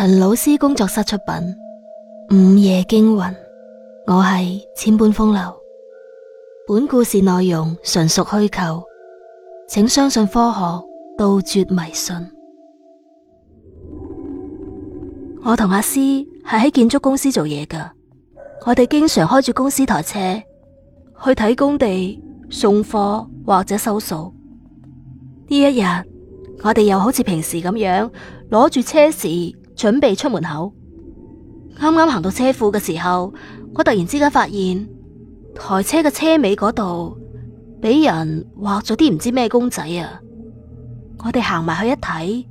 陳老師工作室出品《午夜驚魂》，我係千般風流。本故事內容純屬虛構，請相信科學，杜絕迷信。我同阿詩係喺建築公司做嘢㗎，我哋經常開住公司台車去睇工地、送貨或者收數。呢一日，我哋又好似平時咁樣攞住車匙。準備出門口，啱啱行到車庫嘅時候，我突然之間發現台車嘅車尾嗰度俾人畫咗啲唔知咩公仔啊！我哋行埋去一睇，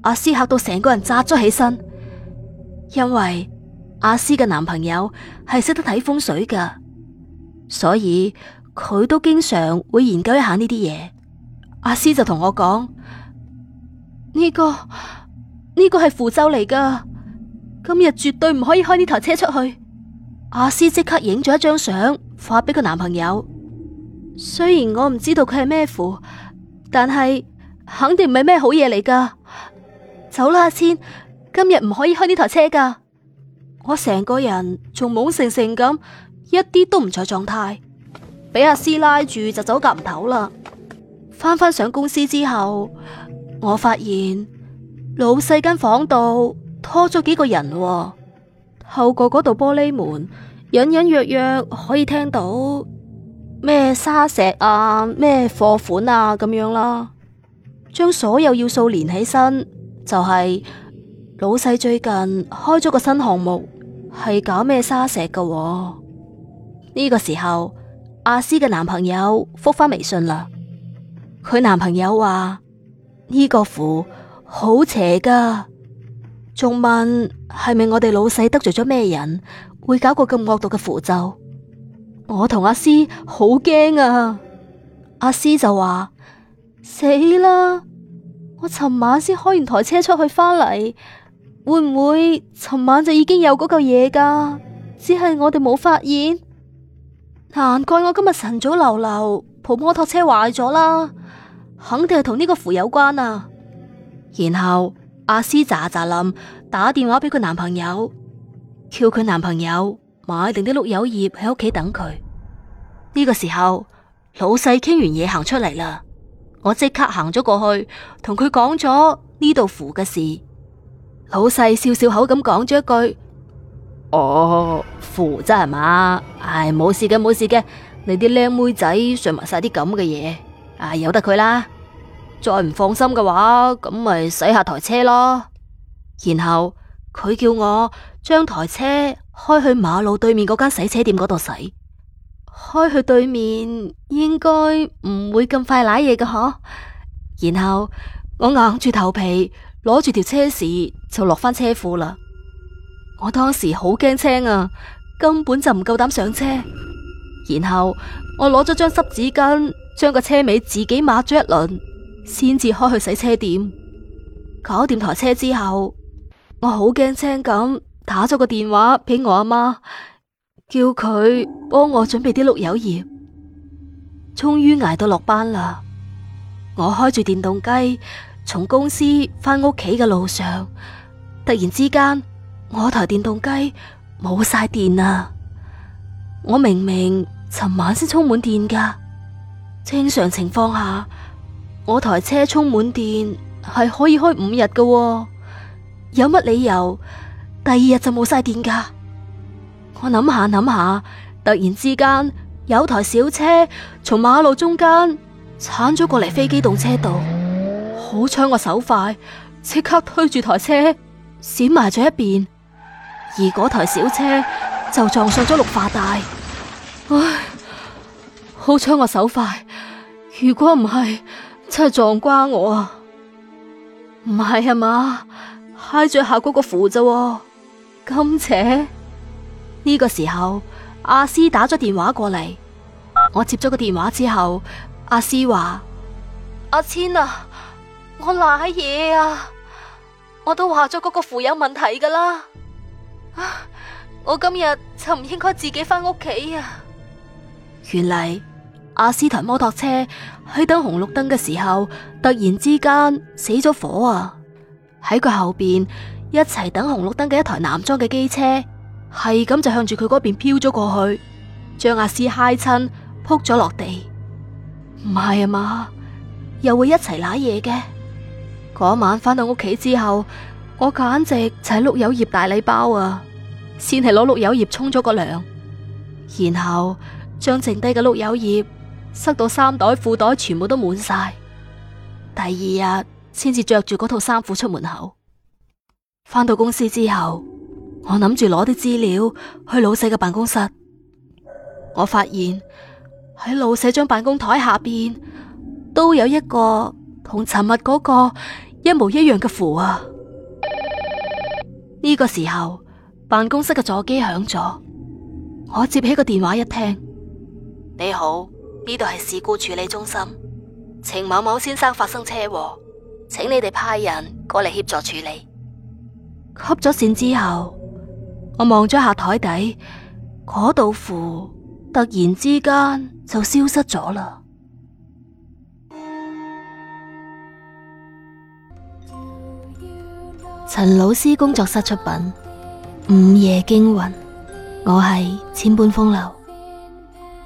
阿詩吓到成個人扎咗起身，因為阿詩嘅男朋友係識得睇風水嘅，所以佢都經常會研究一下呢啲嘢。阿詩就同我講呢個。呢個係符咒嚟噶，今日絕對唔可以開呢台車出去。阿詩即刻影咗一張相發俾個男朋友。雖然我唔知道佢係咩符，但係肯定唔係咩好嘢嚟噶。走啦，阿千，今日唔可以開呢台車噶。我成個人仲懵成成咁，一啲都唔在狀態，俾阿詩拉住就走夾唔唞啦。翻返上公司之後，我發現。老細間房度拖咗幾個人，哦，透過嗰道玻璃門隱隱約約可以聽到咩沙石啊，咩貨款啊咁樣啦。將所有要素連起身，就係、是、老細最近開咗個新項目，係搞咩沙石㗎，哦。呢、這個時候，阿詩嘅男朋友覆返微信啦。佢男朋友話呢、這個符。好邪噶！仲問係咪我哋老細得罪咗咩人，會搞個咁惡毒嘅符咒？我同阿詩好驚啊！阿詩就話：死啦！我尋晚先開完台車出去返嚟，會唔會尋晚就已經有嗰嚿嘢噶？只係我哋冇發現。難怪我今日晨早流流部摩托車壞咗啦，肯定係同呢個符有關啊！然後阿詩咋咋諗，打電話俾佢男朋友，叫佢男朋友買定啲碌柚葉喺屋企等佢。呢、這個時候老細傾完嘢行出嚟啦，我即刻行咗過去，同佢講咗呢度符嘅事。老細笑笑口咁講咗一句：哦，符啫係嘛，唉、哎，冇事嘅，冇事嘅。你啲靚妹仔上埋晒啲咁嘅嘢，啊由得佢啦。再唔放心嘅話，咁咪洗下台車囉。然後佢叫我將台車開去馬路對面嗰間洗車店嗰度洗。開去對面應該唔會咁快瀨嘢嘅，嗬。然後我硬住頭皮攞住條車匙就落翻車庫啦。我當時好驚青啊，根本就唔夠膽上車。然後我攞咗張濕紙巾，將個車尾自己抹咗一輪。先至開去洗車店，搞掂台車之後，我好驚青咁打咗個電話俾我阿媽，叫佢幫我準備啲碌柚葉。終於挨到落班啦，我開住電動雞從公司翻屋企嘅路上，突然之間我台電動雞冇晒電啦！我明明尋晚先充滿電噶，正常情況下。我台車充滿電係可以開五日嘅喎，有乜理由第二日就冇晒電噶？我諗下諗下，突然之間有台小車從馬路中間鏟咗過嚟非機動車道，好彩我手快，即刻推住台車閃埋咗一邊，而嗰台小車就撞上咗綠化帶。唉，好彩我手快，如果唔係。真係撞瓜我啊，唔係啊嘛，揩着下嗰個符咋？咁且呢個時候，阿思打咗電話過嚟，我接咗個電話之後，阿思話：阿千啊，我瀨嘢啊，我都話咗嗰個符有問題噶啦，啊，我今日就唔應該自己翻屋企啊。原來。阿斯台摩托車喺等紅綠燈嘅時候，突然之間死咗火啊！喺佢後邊一齊等紅綠燈嘅一台男裝嘅機車，係咁就向住佢嗰邊飄咗過去，將阿斯嗨親撲咗落地。唔係啊嘛，又會一齊瀨嘢嘅。嗰晚翻到屋企之後，我簡直就係碌柚葉大禮包啊！先係攞碌柚葉沖咗個涼，然後將剩低嘅碌柚葉。塞到衫袋褲袋全部都滿晒，第二日先至着住嗰套衫褲出門口。翻到公司之後，我諗住攞啲資料去老細嘅辦公室，我發現喺老細張辦公台下邊，都有一個同尋晚嗰個一模一樣嘅符啊！呢、這個時候，辦公室嘅座機響咗，我接起個電話一聽，你好。呢度係事故處理中心，程某某先生發生車禍，請你哋派人過嚟協助處理。吸咗線之後，我望咗下台底，嗰道符突然之間就消失咗啦。陳老師工作室出品《午夜驚魂》，我係千般風流。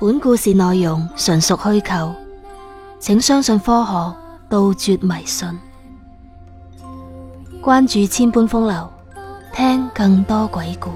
本故事內容純屬虛構，請相信科學，杜絕迷信。關注千般風流，聽更多鬼故。